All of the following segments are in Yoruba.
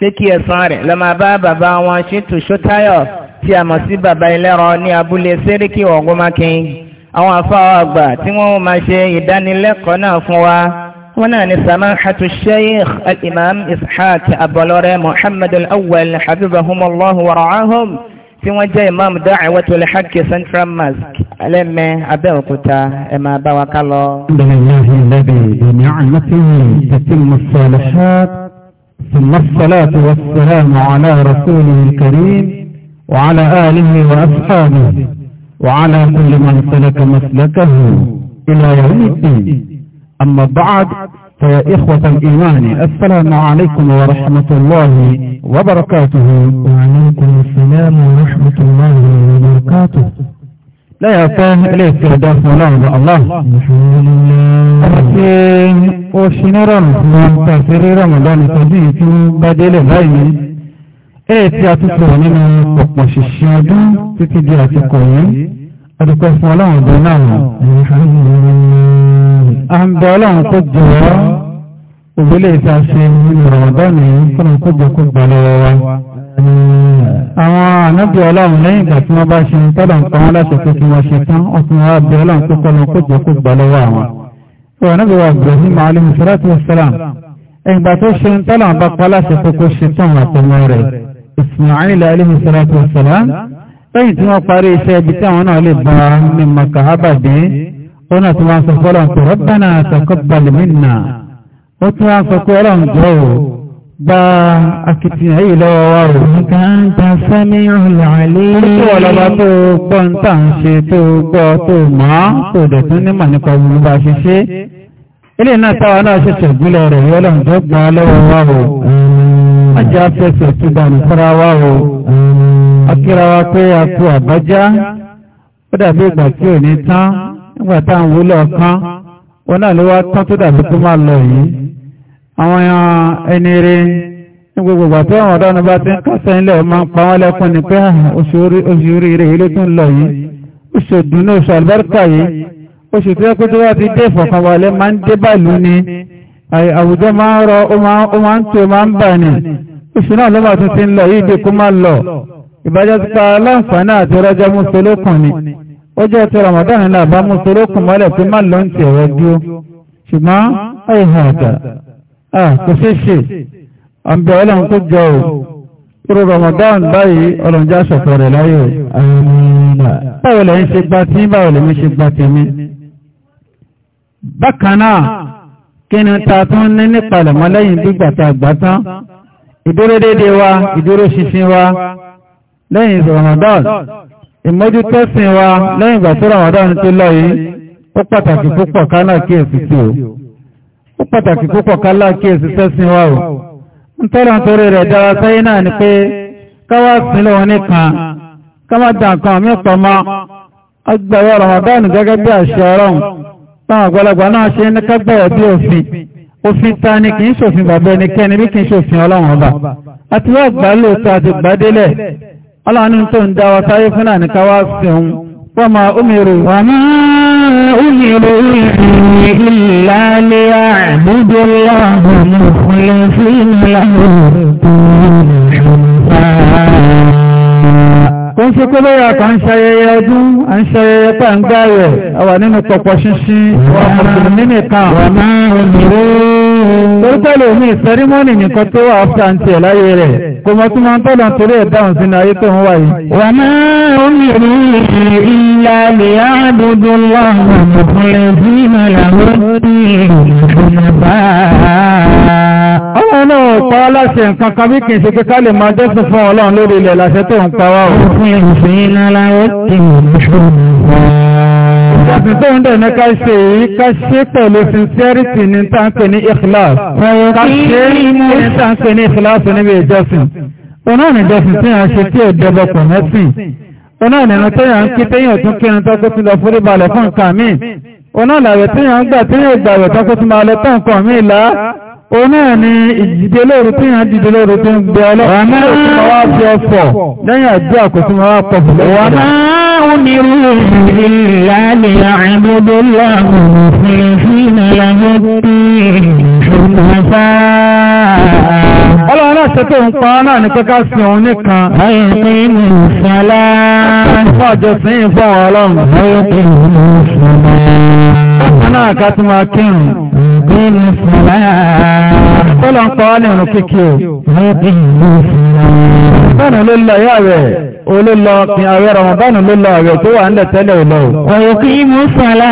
pé kí ẹ̀san rẹ̀ lọ máa bá bàbá wọn ṣètò ṣótáyọ̀ tí a mọ̀ sí bàbá ẹlẹ́rọ ní abúlé sẹ́ríkì ọ̀gọ́mákin àwọn afáwọ̀ àgbà tí wọ́n máa ṣe ìdánilẹ́kọ̀ọ́ náà fún wa wọ́n náà ni samahatu sheikh al-imam ishaq abolore muhammad al-awwal habibahumallahu wa tí wọ́n jẹ́ imam da'watul haqq central mosque alẹ́mẹ́ abẹ́òkúta ẹ máa bá wa ká ثم الصلاة والسلام على رسوله الكريم وعلى آله وأصحابه وعلى كل من سلك مسلكه إلى يوم الدين أما بعد فيا إخوة الإيمان السلام عليكم ورحمة الله وبركاته وعليكم السلام ورحمة الله وبركاته lẹ́yìn ọpẹ́ ilé ìfẹ́ ọ̀dọ́ fún ọlọ́run Allah ọmọ tí ó ṣe ní rọrùn fún wọn pẹ̀sẹ̀ rí rọrùn lọ́nà ìtọ́jú yìí tí ó bá délẹ̀ báyìí èyí tí a tún sọ̀rọ̀ nínú pọ̀pọ̀ ṣìṣẹ́ ọdún títí di àsìkò yìí adúpẹ́ fún ọlọ́run ọdún náà a ń bẹ ọlọ́run kó jọ òbílẹ̀ ìta ṣe nínú ọ̀dọ́ nìyí fún ọkọ̀ jọ kó gbà lọ́wọ́ wa àwọn ànábì ọlọ́run lẹ́yìn ìgbà tí wọ́n bá ṣe ń tọ́lọ̀ nǹkan wọn láti pé kí wọ́n ṣe tán ọkùnrin wa bí ọlọ́run tó kọ́ lọ kó jẹ́ kó gbà lọ́wọ́ àwọn. ìwọ̀n náà bí wọ́n gbọ́ sí màálù mùsùlùmí mùsùlùmí ìgbà tó ṣe ń tọ́lọ̀ bá pa láti pé kó ṣe tán gba akitiyan yìí lọ́wọ́ wa rò. Nǹkan sẹ́mi ọ̀làlẹ́. Ó tí wọ́n lọ́ba tó gbọ́ ń tà ń ṣe tó gbọ́ tó mọ́ tó dẹ̀ tún nímọ̀ nípa gbogbo bá ṣe ṣe. Ilé náà táwa náà ṣe ṣẹ̀gbílẹ̀ rẹ̀ yọ́lọ̀ ń tó gbà lọ́wọ́ wa rò. Ajá fẹsẹ̀ tó àwọn ẹni rẹ̀ ní gbogbo àti àwọn ọ̀dọ́nu bá ti ń kásẹ̀ ilẹ̀ ma ń pa wọ́n lẹ́kùn ní pé ah, oṣù orí rẹ̀ ilé tún lọ yìí oṣù dùnú oṣù àlùbáríkà yìí oṣù tí ẹkùn tó wá ti dé ìfọ̀kànbalẹ̀ máa ń dé bàlú ni àwùjọ máa ń rọ ó máa ń tó máa ń bà ní oṣù náà ló máa tún ti ń lọ yìí dé kó má lọ ìbájá ti pa aláǹfààní àti ọlọ́jọ́ mùsùlùkùn ni ó jẹ́ ti Ramadan náà bá mùsùlùkùn mọ́lẹ̀ pé má lọ ń tẹ̀wọ́ ṣùgbọ́n ẹ̀yìn àgbà Ah, kò sí ṣe àbẹ̀ ọlọ́run kó jọ ò kúrò Ramadan báyìí ọlọ́run já sọ̀tọ̀ rẹ̀ láyé báwo lẹ́yìn ṣe gba tí báwo lẹ́yìn ṣe gba tèmi bákan náà kí ni ta tún ní nípalẹ̀mọ́ Ramadan ìmójútẹ́sìn wa lẹ́yìn ìgbà tó Ramadan ti lọ yìí ó pàtàkì púpọ̀ ká náà kíyèsí o pàtàkì púpọ̀ kálá kí èsì sẹ́sìn wà ó ń tọ́lọ̀ ń torí rẹ̀ dára sáyé náà ni pé káwá sílẹ̀ wọn nìkan káwá dà nǹkan mọ́ agbẹ̀wọ̀ Ramadan gẹ́gẹ́ bí àṣẹ ọ̀rọ̀ táwọn àgbàlagbà náà ṣe ní kágbẹ̀wọ̀ bí òfin òfin ta ni kì í ṣòfin bàbá ẹnikẹ́ni bí kì í ṣòfin ọlọ́run ọba àti wọ́n gbà lóòótọ́ àti gbàdélẹ̀ ọlọ́run tó ń dá wa sáyé fún náà ní káwá sí òun وما أمروا وما أمروا إلا ليعبدوا الله مخلصين له Wọ́n ṣe kó lóyà kan ṣayẹyẹ ọdún, a ń ṣayẹyẹ tá ń gbá a wà nínú pọ̀pọ̀ ṣinṣin, ọmọ nínú ìkan. Wọ́n máa ń rìn Torúkọ́lù ní ìsẹ́rímọ́nì nìkan tó wà fàǹtì ẹ̀ láyé rẹ̀, kò mọ́ tí máa ń tọ́lọ̀ torí ẹ̀ dáhùn sínú ayé tó ń wà yìí. Wà máa ń rí ìlà lè áàdùdù láwọn ọmọkùnrin sí ìmọ̀láwọ́ ní ìrìnàbá. Ọlọ́run náà pa aláṣẹ nǹkan ilẹ̀ láṣẹ tó ń fún ìrìnàláwọ́ ti ìrìnàbá ẹ̀sìn tó ń dẹ̀ni ká ṣe yìí ká ṣe pẹ̀lú sincerity ní tàǹpẹ̀ ní ikhlas ká ṣe ní tàǹpẹ̀ ní ikhlas níbi ìjọsìn onáà ní ìjọsìn tí a ṣe tí ò dẹbọ pọ̀ mẹ́sìn onáà nínú tó yà ń kí téyàn tún kírun tó kó ti lọ forí balẹ̀ fún nǹkan onáà làwẹ̀ téyàn gbà téyàn gbàwẹ̀ òun náà ni ìdìde lóru tí yàn dìde lóru tí ń gbé ọlọ́pàá tí ó ti máa wá fi ọfọ̀ lẹ́yìn àdúrà kò tí máa wá pọ̀fù lẹ́yìn àdúrà. أمروا إلا ليعبدوا الله مخلصين له الدين حنفاء Ọlọ́run náà ṣe tó ń pa náà ní pẹ́ká sí òun nìkan. Ayọ̀pẹ́ ìlú ìṣẹ́lá. Fún àjọsìn yìí fún àwọn ọlọ́run. Ayọ̀pẹ́ ìlú ìṣẹ́lá. Ọkùnrin náà ká tí máa Rọ́bìlì fúnra. Kọ́lọ̀ ń pa wá ní irun kíkí o. Rọ́bìlì fúnra. Báànù ló lọ ìyá rẹ̀, olólọ kí àwẹ̀ rọ̀mọ̀ báànù ló lọ rẹ̀ tó wà ń lẹ̀ tẹ́lẹ̀ ò lọ. Wọ̀yọ̀ kí mú sọ̀lá.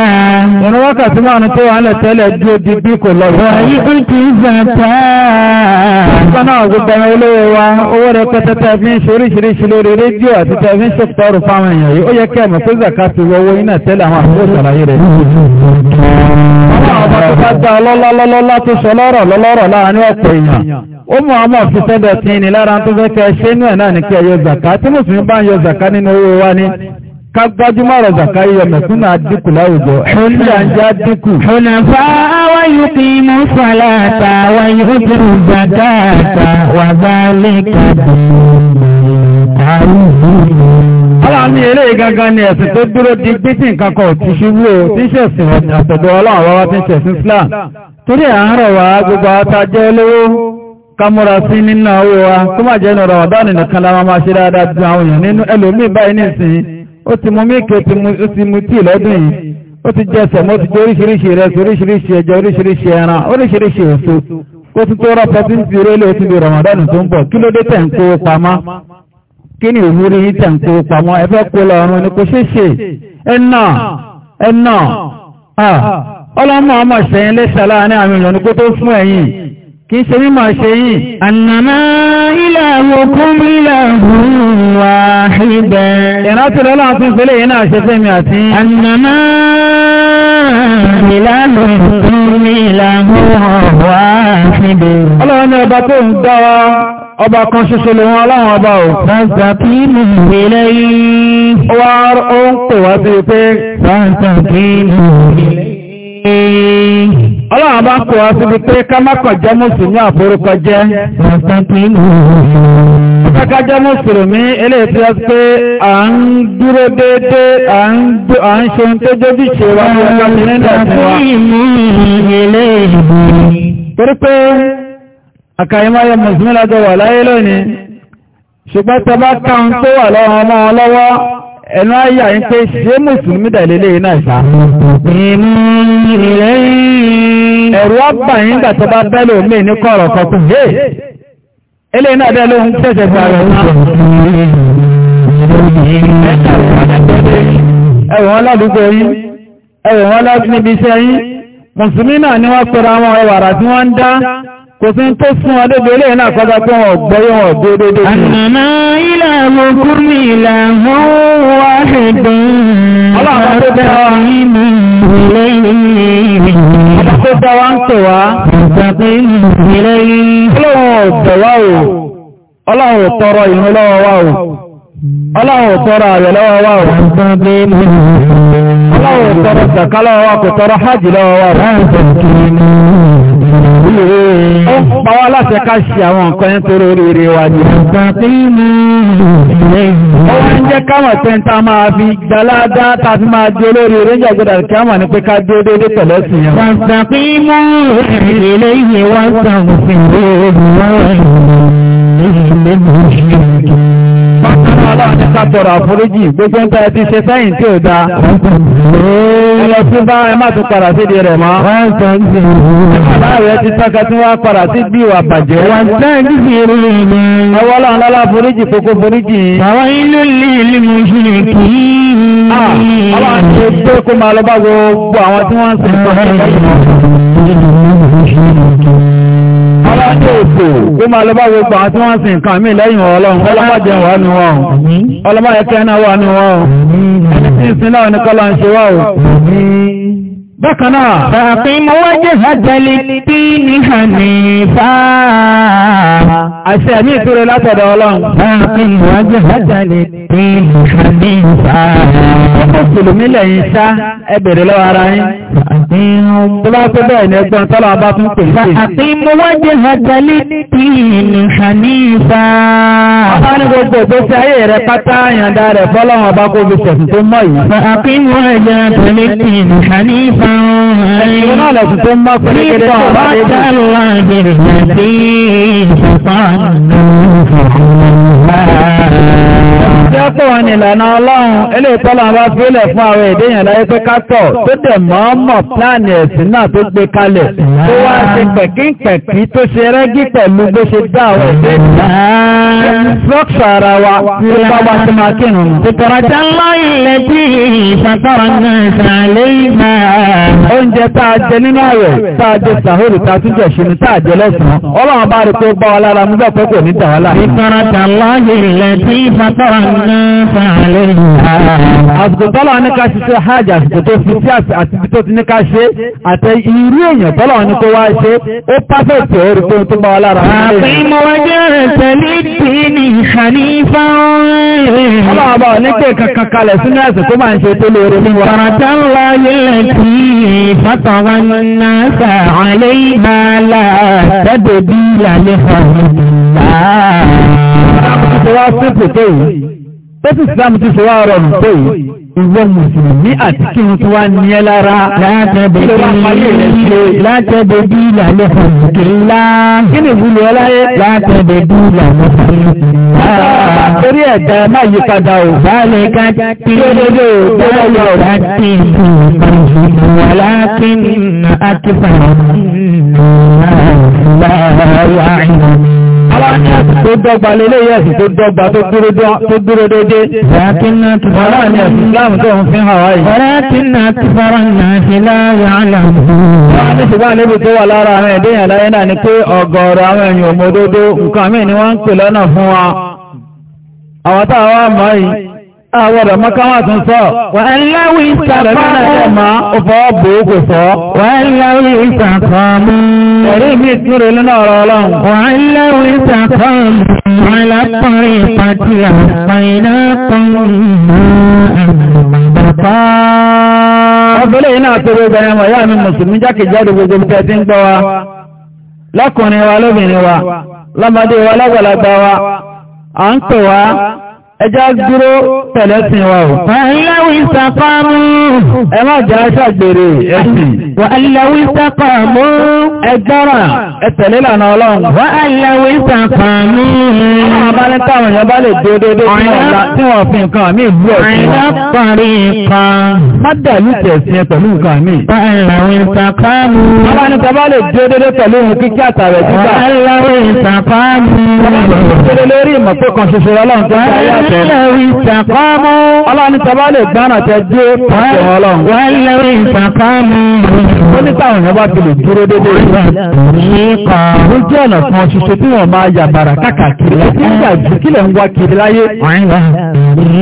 Ìrún wákàtí márùn-ún tó wà ń lẹ̀ tẹ́lẹ̀ dúró di bí kò lọ. Wọ̀yí ó ti zàtà. Ìgbà náà gbogbo olówó wa, owó rẹ̀ pẹ́tẹ́tẹ́ fi ń ṣe oríṣiríṣi lọ́lọ́lọ́lọ́lọ́ tó sọ lọ́rọ̀ lọ́lọ́rọ̀ láàrin ọ̀pọ̀ èèyàn ó mú àwọn ọ̀fíṣẹ́dọ̀ tí ní lára tó fẹ́ kẹ́ ṣe inú ẹ̀ náà ní kí ẹ yọ zàká tí mùsùlùmí bá ń yọ zàká nínú owó wa ní ká zàká yíyọ mẹ̀kúnnà dínkù láwùjọ ṣíyànjá dínkù. Ọlọ́run ní eré gangan ni ẹ̀sìn tó dúró di gbígbín nǹkan kan ti ṣubú o tí ń ṣẹ̀sìn àtọ̀dọ̀ Ọlọ́run wá wá tí ń ṣẹ̀sìn Islam. Torí à ń rọ̀ wá gbogbo àtàjẹ́ olówó kámúra sí nínú owó wa tó máa jẹ́ ìnà Ramadan nìkan lára máa ṣe dáadáa ju àwọn èèyàn nínú ẹlòmíì báyìí nìsín ó ti mú míìkì ó ti mú tíì lọ́dún yìí ó ti jẹ sẹ̀mọ́ ó kí ni ìwúrí yìí tẹ̀ ń kó pamọ́ ẹfẹ́ kó lọ ọ̀run ni kò ṣeéṣe ẹ̀nà ẹ̀nà ọlọ́mọ ọmọ ṣẹ̀yìn lẹ́ṣẹ̀ láàrin àmì ìlànà tó fún ẹ̀yìn kìí ṣe mímọ̀ ṣe yìí annama ilahukum ilahun wahida ìrátìlọ́ láwọn fún ìpínlẹ̀ yìí náà ṣe fẹ́mi àti annama ilahukum ilahun wahida ọlọ́run ní ọba tó ń dá wa ọba kan ṣoṣo lè wọn aláwọn ọba ò fásitì mú ilẹ̀ yìí ó wá ó ń Ọlọ́run bá ń kò wá síbi pé ká mọ́kàn jẹ́ Mùsùlùmí àforúkọ jẹ́. Ọ̀pẹ́ká jẹ́ Mùsùlùmí eléyìí tí ó pé à ń dúró déédé, à ń ṣe ohun tó jójúṣe wá ní ọjọ́ mi nílẹ̀ ìwà. Torí pé àkàyímáyé Mùsùlùmí lájọ wà láyé lónìí, ṣùgbọ́n ọmọ ẹnu ayé àyíkẹ́ ṣe Mùsùlùmí dà lélẹ́yìn náà ṣá. Ìmú ilẹ̀ ẹ̀rù ọgbà yín gbà tó bá bẹ́lò mí ní kọ̀rọ̀ kan tó hé ilé náà bẹ́ẹ̀ ló ń tẹ̀sẹ̀ fún ara ẹ̀wọ̀n wọn ládùúgbò yín ẹ̀wọ̀n wọn láti níbi iṣẹ́ yín mùsùlùmí náà ni wọ́n pẹ̀rọ àwọn ẹwàrà tí wọ́n kò sí tó fún ọdébẹ̀ ilé náà kọjá pé wọ́n gbọ́yọ́ wọn dédédé àmà ilẹ̀ àmọ́kún ní wà ẹ̀dùn ọlọ́run tó bẹ́ tó dá wa ń tẹ̀ wá. Ìgbàgbé ìrìnlẹ̀ yìí. Ọlọ́run ọ̀tẹ̀ wá o. Ọlọ́run ò tọrọ ìrún lọ́wọ́ wa o. Ọlọ́run ò tọrọ ààrẹ lọ́wọ́ wa o. Ìgbàgbé ìrìnlẹ̀ yìí. Ọlọ́run ò tọrọ sàkálọ́wọ́ wa kò tọrọ hajj lọ́wọ́ wa o. Ó ń pa wá láti ká ṣe àwọn nǹkan yẹn torí oríire wa ni. Ó wá ń jẹ́ káwọn tẹ́ntà máa fi gbaládá tàbí máa jẹ́ olórí orí ìjà ìgbàdà kí á mà ní pé ká dé dédé pẹ̀lẹ́ yẹn. Bákan aláàní ká tọrọ àforíjì gbogbo ń tàbí ṣe sẹ́yìn tí ó dáa. Ẹlọ sí bá ẹ má tún padà sí di rẹ̀ mọ́. Láàrẹ̀ ti tọ́ka tí wọ́n padà sí bí ìwà bàjẹ́. Ọwọ́ láńlọ́lá foríjì kókó foríjì. Àwọn ilé ilé ilé alájọ́ òfò kó máa lọ bá gbogbo àwọn tí wọ́n sin nǹkan mí lẹ́yìn ọlọ́run ọlọ́mọ́jẹ́ wà ní wọn ọlọ́mọ́yẹkẹ́ náà wà ní wọn ẹni ní kọ́lá ń ṣe wà ó bákan náà fàáfin tí ní hànífà ní hànífà ọkọ̀ sùlùmí lẹ́yìn sá ẹbẹ̀rẹ̀ lọ́wọ́ ara yín Tó bá tó bẹ́ẹ̀ ni ẹgbọ́n tọ́lá bá tún pè sí. Àfihàn wájẹ́ àjálí tí ìlú Hanifa. Ọba ní gbogbo ìgbésí ayé rẹ̀ Tí ó pọ̀ ní ìlànà ọlọ́run, ilé ìtọ́lọ̀ bá fílẹ̀ fún àwọn èdèyàn láyé pé kátọ̀ tó dẹ̀ mọ́ mọ̀ pláàni ẹ̀sìn náà tó gbé kalẹ̀. Tó wá ṣe pẹ̀kínpẹ̀kí tó ṣe rẹ́gí pẹ̀lú bó ṣe dá àwọn ìdè Ọlọ́run bá rí pé ó gbá wa lára mú bẹ́ẹ̀ pẹ́ kò ní dàwálà. Ìtọ́rọ̀tà lọ́yìn ilẹ̀ tí fàtọ́rọ̀ Àsìkò tọ́lọ̀ ní ká ṣiṣẹ́ hajj àsìkò tó fi sí àti tó ti ní ká ṣe àtẹ irú èèyàn tọ́lọ̀ ní kó wá ṣe ó pàfẹ́tì ẹ̀rù tó tó bá wà lára. Àpínmọ̀ wájú rẹ̀ tẹ̀lé tí ní ìṣàní fáwọn rẹ̀. Ọlọ́ọ̀bọ̀ ní pé kankan kalẹ̀ sínú ẹ̀sìn tó máa ń ṣe tó lóore mú wa. Kọ̀rọ̀tà ń lọ yẹlẹ̀ tí fàtàwà náà sà àlẹ́ ìbálà tẹ́bẹ̀ bí ìlàlẹ́ fàwọn ìlà. Ṣé wá sí pòtó yìí? Tẹ́sí Islam ti ṣe wá rọrùn tó yìí, ìwọ Mùsùlùmí àti kí n tí wá ní ẹ lára látẹ̀bẹ̀ bí ìlànà fàmùkì ńlá. Kí ni ìwúlò ẹ láyé? Látẹ̀bẹ̀ bí ìlànà fàmùkì ńlá. Torí ẹ̀dá máa yí padà ò. Báàlẹ̀ ká tí ó dédé ò tó lọ́yọ̀ ò. Láti ìlú wà láti àti fàmùkì ńlá. Àwọn ní ẹ̀sìn tó dọ́gba lélé ẹ̀sìn tó dọ́gba tó dúró dédé. Wàlákínà ti fara ní ẹ̀sìn Islam tó ń fi hàn wáyé. Wàlákínà ti fara náà ṣe láàrin àlàmù. Wọ́n ní ṣùgbọ́n níbi tó wà lára àwọn ẹ̀dẹ́yàn láyé náà ni pé ọ̀gọ̀ọ̀rọ̀ àwọn èèyàn òmòdodo nǹkan mí ni wọ́n ń pè lọ́nà fún wa. Àwọn táwa máa yìí àwọ̀rọ̀ mọ́káwà tún sọ. wọ́n láwí ìtàkọ́ ọmọ ọ̀fọ́ bòókò fọ́. wọ́n láwí ìtàkọ́ mú. ẹ̀rí mi túnrẹ̀ lọ́nà ọ̀rọ̀ ọlọ́run. wọ́n láwí ìtàkọ́ mú. wọ́n lápọ̀rin pàtí àpá iná kan mú àmàbàbà. ọ̀fẹ́lẹ̀ yìí náà tó gbogbo ẹ̀rọ ìyá mi mùsùlùmí jákèjádò gbogbo bẹ́ẹ̀ ti ń gbọ́ wa. lọ́kùnrin wa lóbìnrin wa lọ́mọdé wa lágbàlagbà wa à ń pè wá ẹjá dúró tẹ̀lẹ́sìn wa ò. Wàláwí sàkọ́mù. Ẹ má jà ṣàgbèrè ẹ̀sìn. Wàláwí sàkọ́mù. Ẹ dára ẹ tẹ̀lé lànà ọlọ́run. Wàláwí sàkọ́mù. Àwọn abálẹ́ táwọn èèyàn bá lè dé dédé tí wọ́n fi nǹkan mí ìlú ẹ̀sìn. Àìlá parí kan. Má dàlú tẹ̀sìn pẹ̀lú nǹkan mí. Wàláwí sàkọ́mù. Abálẹ́ tó bá lè dé dédé pẹ̀lú ohun kíkí pàṣẹ. Wọ́lẹ̀wì ìtàkọ́mú. Ọlọ́ni tọba lè gbọ́nà tẹ dé pàṣẹ ọlọ́run. Wọ́lẹ̀wì ìtàkọ́mú. Ó ní táwọn èèyàn bá ti lè dúró dédé ìgbà. Ó jẹ́ ọ̀nà kan ṣoṣo tí wọ́n máa yà bàrà káàkiri. Ó ń yà jù kílẹ̀ ń wá kiri láyé.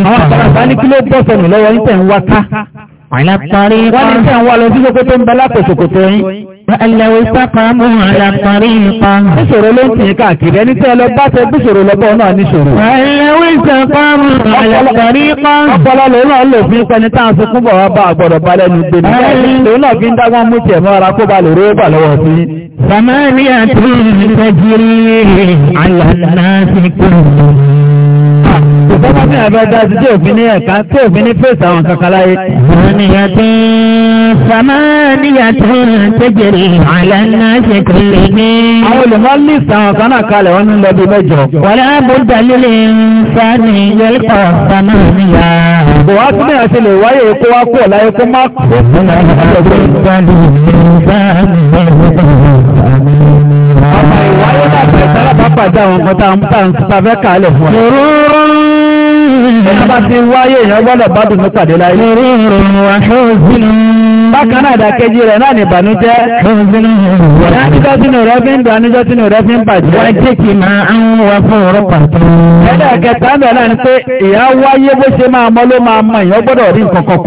Àwọn àgbàlagbà ní kí ló bọ́ sọnù lọ́wọ́ ní tẹ̀ ń wá ká. Àlàpàrí kan. Wọ́n ní sẹ́ ń wá lọ sí ṣòkòtò ń bẹ lápò ṣòkòtò yín. Ẹlẹ́wẹ̀ sápá mú àlàpàrí kan. Bíṣòro ló ń tì í káàkiri, ẹni tí ẹ lọ bá tẹ bíṣòro lọ́bọ̀ náà níṣòro. Ẹlẹ́wẹ̀ sápá mú àlàpàrí kan. Ọpọlọ lòun náà lò fún ipẹni tá à ń sunkún bọ̀ wá bá àgbọ̀dọ̀ balẹ̀ ní gbé nígbà. Lòun náà fi ń dágbọ́n mú sọ́nà tí a bá dá sí tí òfin ní ẹ̀ka tí òfin ní fèsì àwọn kankan láyé. Sàmánìyà tí Sàmánìyà tó ń tẹ́jẹ̀rẹ̀ àlànà ṣe kò lè ní. Àwọn olùmọ́ lè sàwọn kan náà kalẹ̀ wọn ń lọ bí mẹ́jọ. Wàlá bóńdà líle ń sáni yẹ́lẹ́kọ̀ Sàmánìyà. Bò wá sí náà ṣe lè wáyé kó wá kúrò láyé kó má kú. Ọmọ ìwáyé náà bẹ̀rẹ̀ sára pápá dá àwọn nǹkan tá a ń tà ń tà fẹ́ kàálẹ̀ fún ọ. Bá ti wáyé èèyàn gbọ́dọ̀ bá Bákan náà ìdàkejì rẹ̀ náà ní ìbànújẹ́. Ìdájọ́ rẹ̀ fi ń dùn, rẹ̀ fi ń bàjẹ́. Wọ́n jẹ́ kí máa ń wá fún ọ̀rọ̀ pàtó. Ẹ̀dà kẹta ń bẹ̀ náà ni pé ìyá wáyé bó ṣe máa mọ́ ló máa mọ èèyàn gbọ́dọ̀ rí nǹkan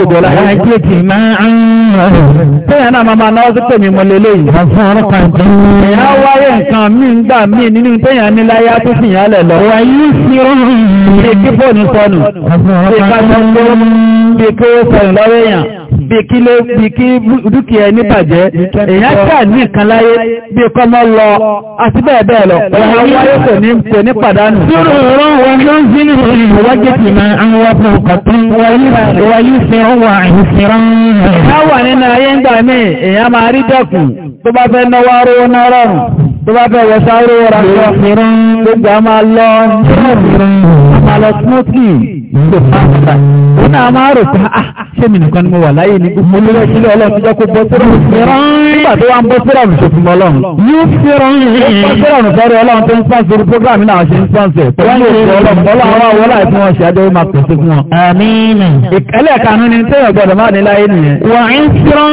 kan sọnù bí ká sọ pé bí kí ó sọnù lọ́wọ́ èèyàn bí kí ló bí kí dúkìá ẹni bàjẹ́ èèyàn ṣáà ní nǹkan láyé bí kọ́ mọ́ lọ àti bẹ́ẹ̀ bẹ́ẹ̀ lọ ọ̀rọ̀ wáyé kò ní kò ní pàdánù. sọ̀rọ̀ ọ̀rọ̀ wọn ló ń sí nínú ìwọ́jẹ́ tì máa ń tó bá fẹ́ wọ sáré rà sọ gbogbo a máa lọ máa lọ smoothly kò fásità ó náà máa rò pé ah ṣé mi nìkan ni mo wà láyé ní gbogbo olówó ìṣẹ̀lẹ̀ Ọlọ́run jẹ́ kó bọ́ sírọ̀ nígbà tó wá ń bọ́ sírọ̀ nìṣó fún Ọlọ́run. yóò fẹ́ràn yìí. ó sírọ̀ nìfẹ́rẹ́ Ọlọ́run tó ń sáǹsì orí programme náà ṣe ń sáǹsì ẹ̀ pẹ̀lú òṣèlú Ọlọ́run Ọlọ́run wá wọlé àti wọn ṣe adéwé máa pèsè fún wọn. amiina. ẹlẹ́ẹ̀kanú ni tẹ́yọ̀ gbọ́dọ̀ máa ní láyé nìyẹn. wà ń sírọ̀.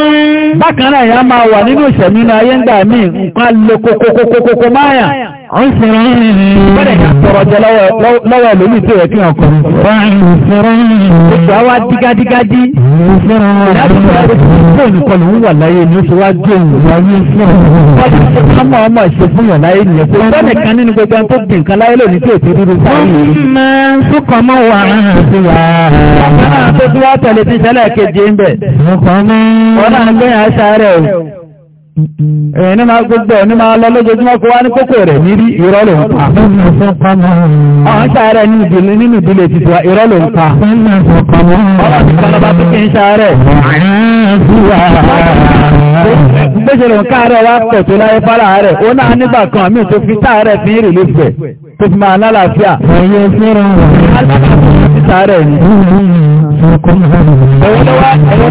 bákan náà yẹn máa wà nínú ìṣẹ̀mínú ayé ń gbà míì nǹkan lo kókókókókó máa yàn. Bẹ́ẹ̀ ni àtọ̀rọ̀ jẹ lọ́wọ́ lórí tí rẹ̀ kí wọ́n kọrin. Oṣù àwa dígádígádí. Fóònù kọlù ń wà láyé ní oṣù wá gbé òun wáyé. Bọ́lá ṣe kámọ̀ ọmọ ìṣe fún yàn láyé nìyẹn. Kò gbọ́dọ̀ kan nínú gbogbo ẹni tó gbìn kan láyé lónìí tí ò ti dúró sáyé. Máa ń súnkọ̀ mọ́ wà á sí wa. Bàbá náà tó tún wá tẹ̀lé ti ṣẹlẹ̀ keje ń bẹ̀. Ọ̀nà àgbẹ̀yà sáré o. Ẹ̀yìn ní máa gbogbo ẹ̀ní máa lọ lójoojúmọ́ kó wá ní kókò rẹ̀ nírí ìrọ́lò ń pa. Àwọn ṣàárẹ̀ nínú ìdílé ti tiwa ìrọ́lò ń pa. Ọlá ti kan lọba tó kí ń ṣàárẹ̀. Gbéṣẹ̀lẹ̀ ń káàárẹ̀ wá pẹ̀ tó láyé fárá rẹ̀, ó náà nígbà fi máa lálàáfíà. Ẹ̀yẹ fẹ́ràn rẹ̀. Alábàáṣẹ́ ti ṣàárẹ̀ ni. Ẹ̀wọ́n ló wá tó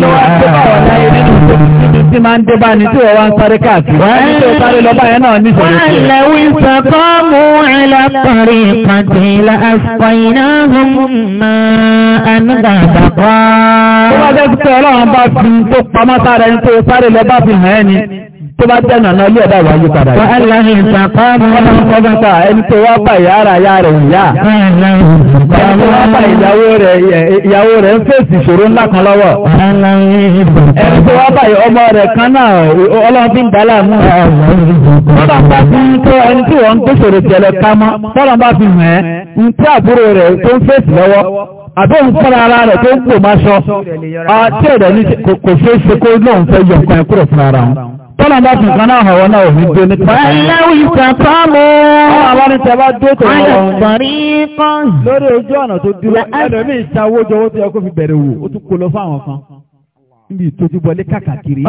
bá wà láyé nínú ìgbòmí tí máa ń dé bá ní tí wọ́n wá ń sáré káàkiri. Wọ́n ní tí ó sáré lọ báyẹn náà ní ìṣòro. iná tó bá tẹ́nà náà lé ẹ̀dá ìwáyé padà yìí. wàhálà ní ìsàpá mi. wọ́n máa ń kọ́ nípa ẹni tó wá bá ìyá ara ìyá rẹ̀ ìyá. ẹni tó wá bá ìyàwó rẹ̀ ìyàwó rẹ̀ ń fèsì ìṣòro ńlá kan lọ́wọ́. ẹni tó wá bá ọmọ rẹ̀ kan náà ọlọ́run fi ń dálà mú. bọ́lá bá fi ń tó tí àbúrò rẹ̀ tó ń fèsì lọ́wọ́ àbẹ́ ń fọ́ra ara rẹ̀ tó ń pò máa ṣọ tí ẹ̀rẹ̀ ní kò ṣeé ṣe kó lóun fẹ́ yọ nǹkan ẹ̀kúrò fún ara wọn tọ́lá bá fi kan náà ọ̀wọ́ náà òní gbé ní tọ́lá. Bàláwì ìsàtọ́mù. Àwọn àwọn ìtẹ́bá dó tó lọ́wọ́. Àyọ̀sọ̀rí kan. Lórí ojú ọ̀nà tó dúró, tó yẹ kó fi bẹ̀rẹ̀ wò, ó tún kó lọ fáwọn níbi ìtójúbọlé kàkàkiri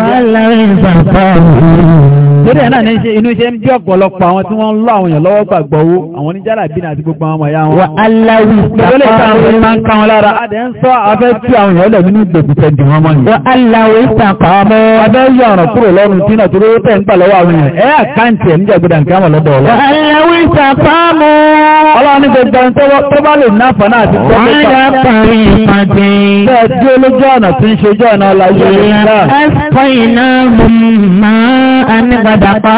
lórí ẹ̀ náà ní ṣe inú iṣẹ́ ń jẹ́ ọ̀pọ̀lọpọ̀ àwọn tí wọ́n ń lọ àwọn èèyàn lọ́wọ́ gbàgbọ́ owó àwọn oníjàlá bínú àti gbogbo àwọn ọmọ wọn. wà á láwí bàbá òun. lórí máa ń ká wọn lára. adé ń sọ afẹ́ tí àwọn èèyàn lẹ̀ nínú ìgbèkùtẹ̀ dì wọ́n á láwí sàkà ọmọ. abẹ́ yọ ọ̀ràn kúrò lọ́rùn ń gbà lọ́wọ́ àwọn ọ̀la. Ẹ̀fọ́ iná mọ̀ anígbàdà pa.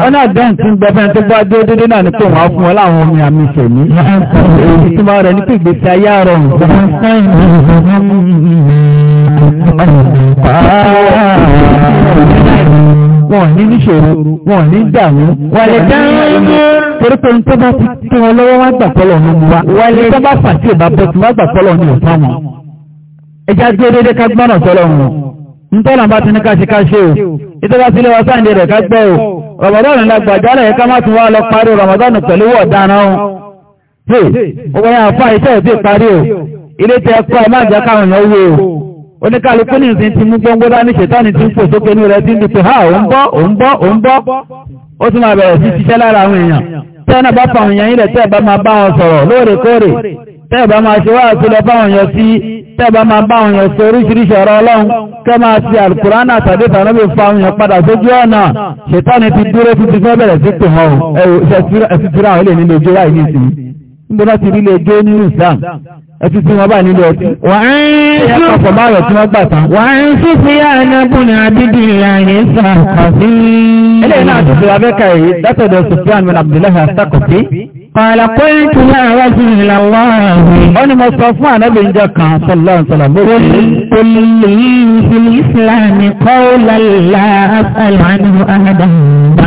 Wọ́n náà dẹ́n tí ń gbẹ́fẹ́ tó bá dé dédé náà ní pé wọ́n fún ọ láwọn omi àmì ìṣẹ̀mí. Èyí tí máa rẹ̀ ní pé ìgbésí ayé àárọ̀ Wọ́n ní níṣòro, wọ́n ní dàmú. Wàlẹ̀ dáhùn torí tó bá ti kí wọn lọ́wọ́ wá gbàpọ̀lọ̀ ọ̀nà mu wa. Wàlẹ̀ tó bá fà sí ìbábọ̀ tí wọ́n gbàpọ̀lọ̀ ọ̀nà ọ̀tá wọn ẹjá gbé dédé ká gbọ́nà sọ́lọ́run nítọ́lá bá ti ní ká ṣe ká ṣe o ìtọ́lá sí lọ́wọ́ sáàndé rẹ̀ ká gbẹ́ o rọ̀mọ̀dọ́nù lágbà jálẹ̀ ẹ̀ká má tún wá lọ parí rọ̀mọ̀dọ́nù pẹ̀lú wọ̀ dáná o hey ọgbọ́n yà fà iṣẹ́ ìdí parí o ilé tẹ ẹkọ ẹ má jẹ́ káwọn èèyàn wé o oníkálukú ní ìsìn ti mú gbọ́ngbọ́ dání ṣètánì ti ń fò sókè ní rẹ̀ ti ń di pé ha òun bọ́ òun bọ́ tẹ́bà máa bá àwọn èèyàn sọ oríṣiríṣi ọ̀rọ̀ ọlọ́run kẹ́ máa ti alkùránà tàbí tàbí fa àwọn èèyàn padà sójú ọ̀nà ṣètánì ti dúró ti ti fẹ́ bẹ̀rẹ̀ sí pè hàn ẹ̀sìtìrà àwọn ilé nílé ojó láì ní ìsìn níbo láti rí bá nílé ọtí. wọ́n ń sún sí ànábùnà àbídì ìyàyè sàkọ̀fí. ilé náà ti sọ abẹ́ka yìí látọ̀dọ̀ Sufyan bin Abdullahi asakọ̀fí Kọ̀ọ̀lá kó ń tún láàárọ̀ sí ìlàwọ́ ààrùn. Ó ní mo sọ fún ànábì ìjọ kan sọ̀lọ́ọ̀sọ̀lọ́ lórí. Kò lè fi ìsìláàmì kọ́ lálá àfàlànà àdá.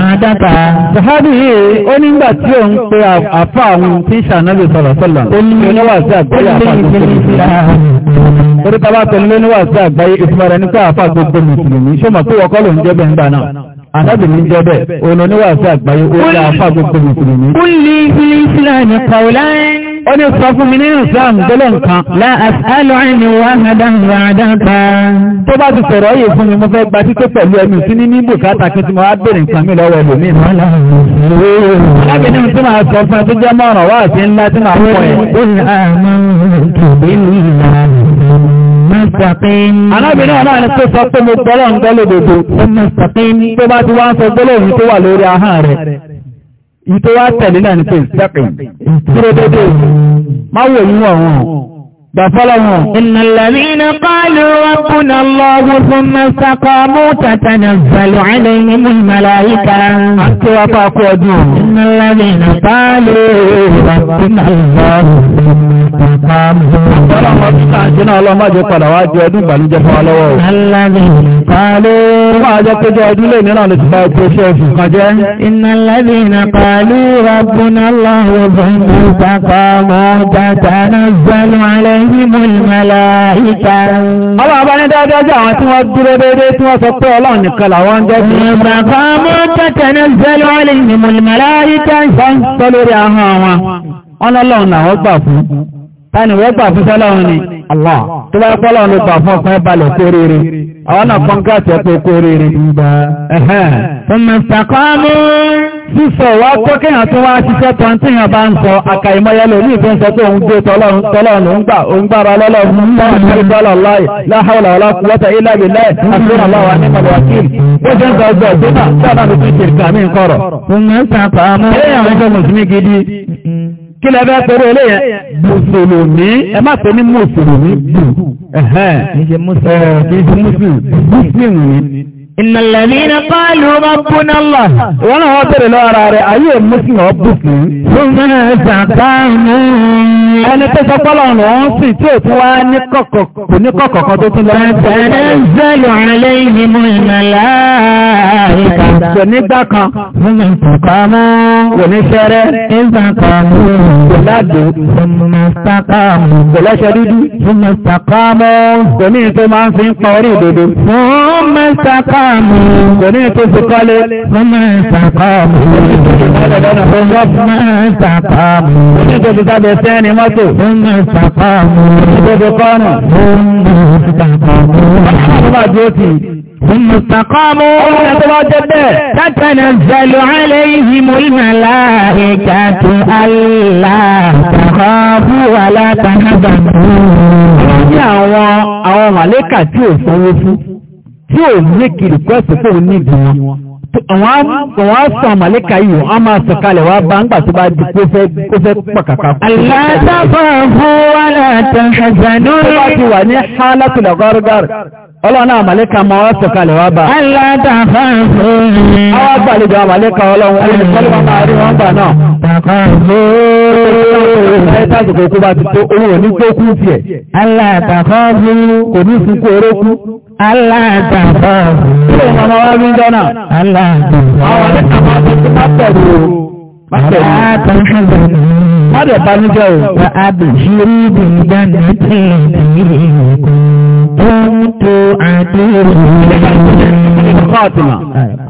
Àdáta. Sàhábì yìí, ó nígbà tí ó ń pe àfà àwọn tí ìṣànábì sọ̀lọ́sọ̀lọ́. Ó ní oníwàásí àgbáyé àfà gbogbo. Anábìnrin jẹ́ bẹ́ẹ̀, òun lọ níwàásí àgbáyé ó dá afá gbogbo mùsùlùmí. Kúlì ilé ìsìláàmì kàwùláìn. Ó ní sọ fún mi ní ìsìláàmù gbọ́lọ̀ nǹkan láàásálọ́ ẹni wà hádánwà dáta. Tó bá ti sọ̀rọ̀ yìí fún mi, mo fẹ́ gba títẹ́ pẹ̀lú ẹnu sí ní níbò káàtà kí tí mo wá bèèrè nǹkan mi lọ́wọ́ ẹlòmíì. Alábìnrin tí máa sọ fún ẹ tó jẹ́ mọ́ràn wá àti ńlá tí máa pọ̀ ẹ̀ mustaqim. arábìnrin náà ni tó sọ pé mo gbọ́lọ̀ ń gbọ́lọ̀ dòdò. mustaqim. tó bá ti wá ń sọ gbólóhùn tó wà lórí ahọ́n rẹ̀. ìtò wá tẹ̀lé náà ni pé mustaqim. kúrò dòdò. má wò yín wọ̀ wọ́n. دفلهم إن الذين قالوا ربنا الله ثم استقاموا تتنزل عليهم الملائكة إن الذين قالوا ربنا Ọlọ́run ọdún náà jẹ́ náà ọlọ́run májẹ́ padà wá jẹ ọdún ìgbàlújẹ fún wa lọ́wọ́ o. Fún àjọ péjọ ọdún lè nínú àlè ti bá ọjọ́ iṣẹ́ oṣù kan jẹ́. Iná lẹ́bí iná pàálù rabbuna lọ́wọ́ pápá mọ́ bàtà náà zọlù alẹ́ yímú ìmọ̀lá ìta. Ọlọ́run bá ní dáadáa jẹ́ àwọn tí wọ́n dúró déédéé tí wọ́n sọ pé ọlọ́run nìkan làwọn ń tani wọ́n gbà fún sọ́lọ́run ni Allah tó bá pọ́lọ́run ló gbà fún ọkùnrin balẹ̀ kó rere àwọn náà kọ́n gáàtì ọ̀pọ̀ kó rere ọmọ̀sàkọ́mú sísọ wá tó kéèyàn tó wá ṣiṣẹ́ tán tí bá ń sọ àkàìmọ́yẹ lórí ìfẹ́ ń pé òun gbé tọ́lọ́run ń gbà òun gbára lọ́lọ́run kí lẹ fẹ́ pẹ̀lú ilé yẹn mùsùlùmí ẹ má pè ní mùsùlùmí bù ẹ̀hẹ́n kì í ṣe mùsùlùmí bùsùlùmí Ìnàlẹ̀lẹ́nà pàálù rọ́bùnà lọ. Wọ́n náà wọ́n tẹ̀rẹ̀ lọ́ra rẹ̀, ayé mùsùn ọ̀bùsùn. Fúnmọ́nà ṣàkánú. Ẹni tó sọ pọ́lọ̀ ọ̀nà wọ́n sì tí ò tún wá ní kọ̀kọ̀kọ̀ tó tún lọ. Bàtẹ̀rẹ̀ zẹ́lù استقاموا كنت سقالي فما استقاموا فما استقاموا كنت سقالي ثاني ماتوا فما استقاموا كنت سقانا فما استقاموا ثم استقاموا تتنزل عليهم الملائكة ألا تخافوا ولا تحزنوا. Ní àwọn àwọn màlẹ́kà tí ò sanwó fún tí ò ní kí rìkwẹ́sì fún òun níbi wọn àwọn àṣà màlẹ́kà yìí wọ́n máa sọ̀kalẹ̀ wá bá ń gbà tó bá di kó fẹ́ pàkàkà. aláàtàfà fún wa náà tàn ṣàṣàdó rí. tó bá ti wà ní hálàtùlẹ̀ gọ́rọ́gọ́rọ́ ọlọ́nà àmàlẹ́kà máa wá sọ̀kalẹ̀ wá bá. aláàtàfà fún mi. àwọn àgbàlejò àmàlẹ́kà ọlọ́run olùkọ́lé máa rí wọn gbà náà. tàkà fún Aláàdàbà. Ṣé ìmọ̀mọ̀ wá bí ń jọ náà? Aláàdàbà. Àwọn ọ̀lẹ́ta máa tó tó má pẹ̀lú o. Má pẹ̀lú. Má dẹ̀ bá níjọ́ o. Wà á bẹ̀ ṣe rí ìdìbò náà tẹ̀lé ìdìbò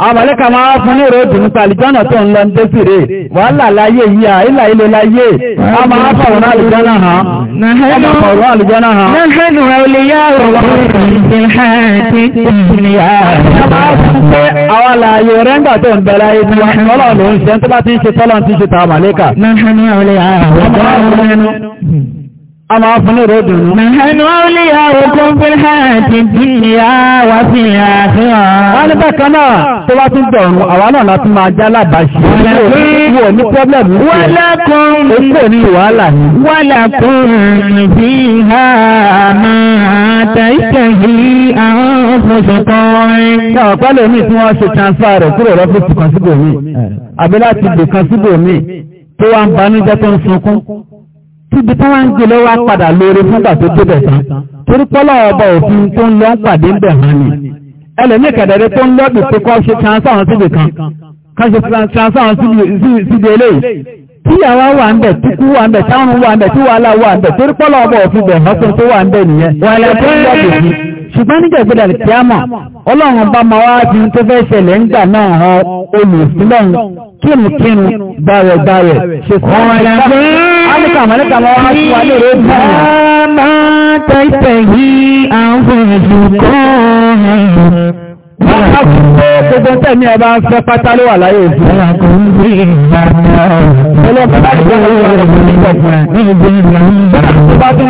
Àmàlẹ́kà máa fún ní ròdù nípa àlìjọ́nà tó ń lọ ń dé síre, wàhálà láyé yìí à, ìlà ilé láyé, a máa fàwọn àlìjọ́nà hàn, ọmọ fàwọn àlìjọ́nà hàn. Nàhẹ́nù ẹ̀lẹ́ yá rọ̀rọ̀ ìrìnlẹ̀ àti ìpínlẹ̀ Ọmọ ọkùnrin rẹ̀ dùn. Màhánú Olíyà Okun Fílhàn ti dìyà wá sí àfihàn. Wọ́n ní bẹ́ẹ̀kan náà tó bá tún dọ̀rùn àwa náà láti máa já lábàáṣì. Wọ́n ní pọ́blẹ̀mù ṣe. Wọ́n lákùn. Okú ní wàhálà ni. Wọ́n lákùn ha máa tẹ̀sẹ̀ tíbi tí wọ́n ń gbé lọ́wọ́ padà lóore fúngbà tó débẹ̀ tán torí pọ́lọ́ ọba òfin tó ń lọ ń pàdé ń bẹ̀ hàn ni ẹlẹ́mí kẹ̀dẹ̀rẹ́ tó ń lọ́bì pé kọ́ ṣe transfer wọn síbi kan kan ṣe transfer wọn síbi eléyìí tíyàwó wà ń bẹ̀ tíkú wà ń bẹ̀ táwọn wà ń bẹ̀ tí wàhálà wà ń bẹ̀ torí pọ́lọ́ ọba òfin bẹ̀ hàn tó wà ń bẹ̀ nìyẹn wàhálà tó ń lọ́bì yìí ṣùgbọ́n nígbà ìgbẹ́dà lè kíámà ọlọ́run bá máa wá bí tó fẹ́ ṣẹlẹ̀ ńgbà náà han olùsílọ́run kírùnkírùn gbàrẹ̀ gbàrẹ̀ ṣe kọ́ ọ̀rẹ́ Gbogbo tẹ́mi ẹ bá ń fẹ́ pátá ló wà láyé òfin. Tó bá tún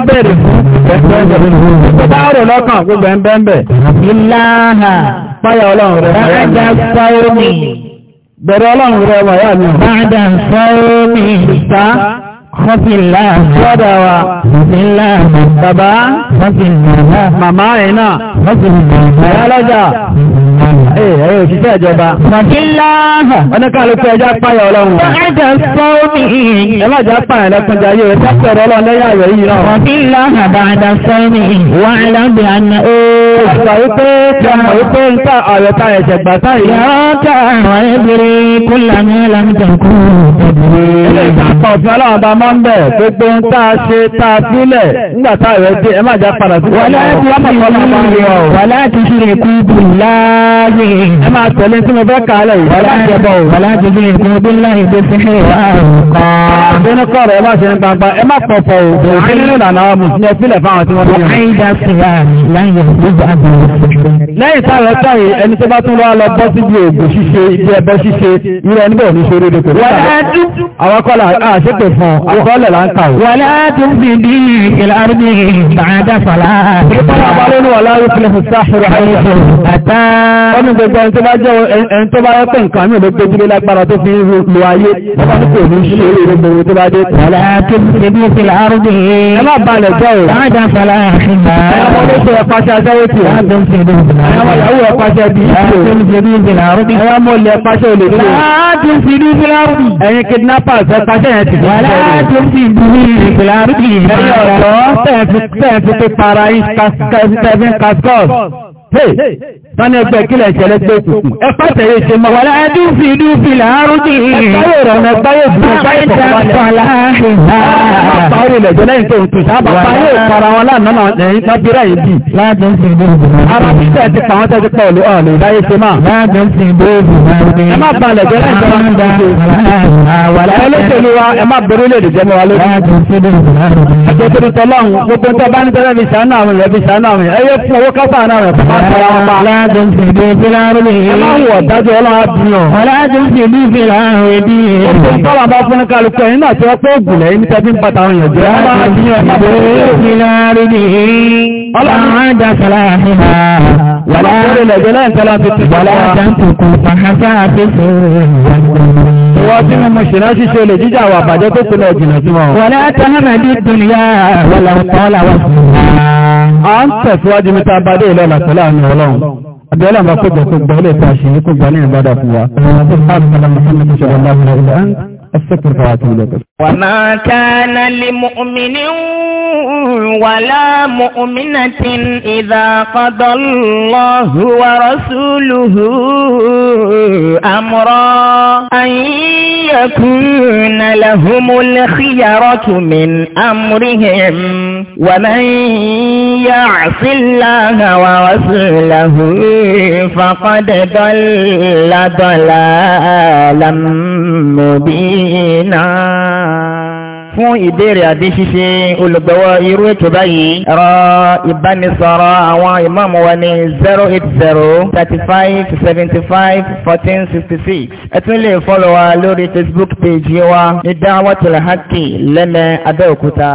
fún tó Ẹ̀yẹ̀ òṣìṣẹ́ ìjọba. Fàkílá. Ọdún kálukú ẹjá páyà ọlọ́run. Ẹjá sọ́ọ̀mì. Ẹlọ́jà páyà lẹ́kùnjà yóò rẹ̀ sẹ́kẹ̀rẹ̀ ọlọ́run lẹ́yà rẹ̀ yìí náà. Fàkílá àbáadà sọ́ọ̀mì. Wà á lábẹ́ àná ó. Ọ̀sà wípé tí a mọ̀ wípé ń ta ọ̀rọ̀ ta ẹ̀jẹ̀ gbà táyì. Yàrá àwọn ẹgbẹ̀rẹ̀ kúlà ní lámìjàkú. Ilé ìtàkùn ọ̀fin ọlọ́run bá máa ń bẹ̀ gbogbo ń tá ṣe tá sílẹ̀ nígbà rẹ̀ dé ẹ má padà sí. Wàlá ti ṣe kú bùlá ẹ máa tẹ̀lé tí mo fẹ́ kàálẹ̀ yìí. wàlá jẹ̀bọ̀ wàlá jẹ̀bọ̀ ìgbìmọ̀ bí ńlá ìgbé fi hẹ́ wà kọ́. àbẹnú kọ̀rọ̀ ẹ má ṣe ń gbangba ẹ má pọ̀pọ̀ o. òfin nínú ìlànà àwọn mùsùlùmí ẹ fílẹ̀ fáwọn tí wọ́n bí. wọ́n ń dá sí wa láyé wọ́n ní gbogbo ẹni tó bá jẹ́ ẹni tó bá yẹ pé nǹkan mi ò lè gbójúlé lágbára tó fi ń lo ayé bọ́bá ní kò ní ṣe eré gbogbo tó bá dé. wàlá tó ti ṣe bí ó tó para yín kásíkọ́s Báni ẹgbẹ́ kílẹ̀ ìṣẹ̀lẹ̀ gbé òkùnkùn. Ẹ pàtẹ̀yẹ ṣe mọ̀ wọ́lá dúfì dúfì láàárún jì. Ẹgbẹ́ ìrọ̀nà ẹgbẹ́ ìbùn ẹgbẹ́ ìtọ̀kọ̀lá. Àpá orí ilẹ̀ jẹ́ lẹ́yìn tó ń tún. Àpá yóò para wọn lánàá lẹ́yìn lábírà yìí bì. Láàdùn sí ìlú ìbùn. Ara títẹ̀ ti pa àwọn tẹ́jú pẹ̀ olú ọ̀lẹ̀ ìdáyé ṣe máa. Láàdùn sí ìlú ìbùn. Ẹ má balẹ̀ jẹ́ lẹ́yìn tó ń tún. Olóṣèlú wa ẹ má borí lè jẹ́ mọ́ wa lórí. Láàdùn Ẹgbẹ́ tó ń tọ́lọ́run Ọlọ́dún sì bí fi láàrin èyí. Ẹ máa ń wọ̀ dájọ́ ọlọ́wà bí nà. Ọlọ́dún sì bí fi láàrin èdè. Òfin tọ́lá bá fún kálukú ẹ̀yìn náà tí wọ́n pé ògùn lẹ́yìn tẹ́bí ń pàtàkì ọ̀yàn jẹ́. Ọlọ́dún sì bí fi láàrin èyí. Ọlọ́run dàsàlá àfihà. Wàlá àtẹ̀lẹ̀jẹ̀ náà sọ́lá ti tún. Wàlá àtàntùkù fàhásá àfẹ́fẹ́ Wọ́n tí mo ṣìná ṣíṣe olè jíjà wà bàjẹ́ tó kúnlẹ̀ jìnà sí wọn. Wàlá àtàmàdí dùnìyà wàlá ọ̀tọ́lá wà sí wọn. A ń tẹ̀síwájú mi ta bá dé tó gbọ́ ilé ìta ṣe ní fún wa. Àwọn tó bá الستر فواتي وما كان لمؤمن ولا مؤمنة إذا قضى الله ورسوله أمرا أن يكون لهم الخيرة من أمرهم ومن يعص الله ورسله فقد ضل ضلالا مبينا fún ìbéèrè àti ṣíṣe olùgbẹ̀wọ́ irú ètò báyìí ẹ̀rọ ìbánisọ̀rọ̀ àwọn ìmáàmù wa ní 08035751466 ẹ tún lè fọ́lọ̀ wa lórí Facebook page wa ní Da'watul Haqqi Abẹ́òkúta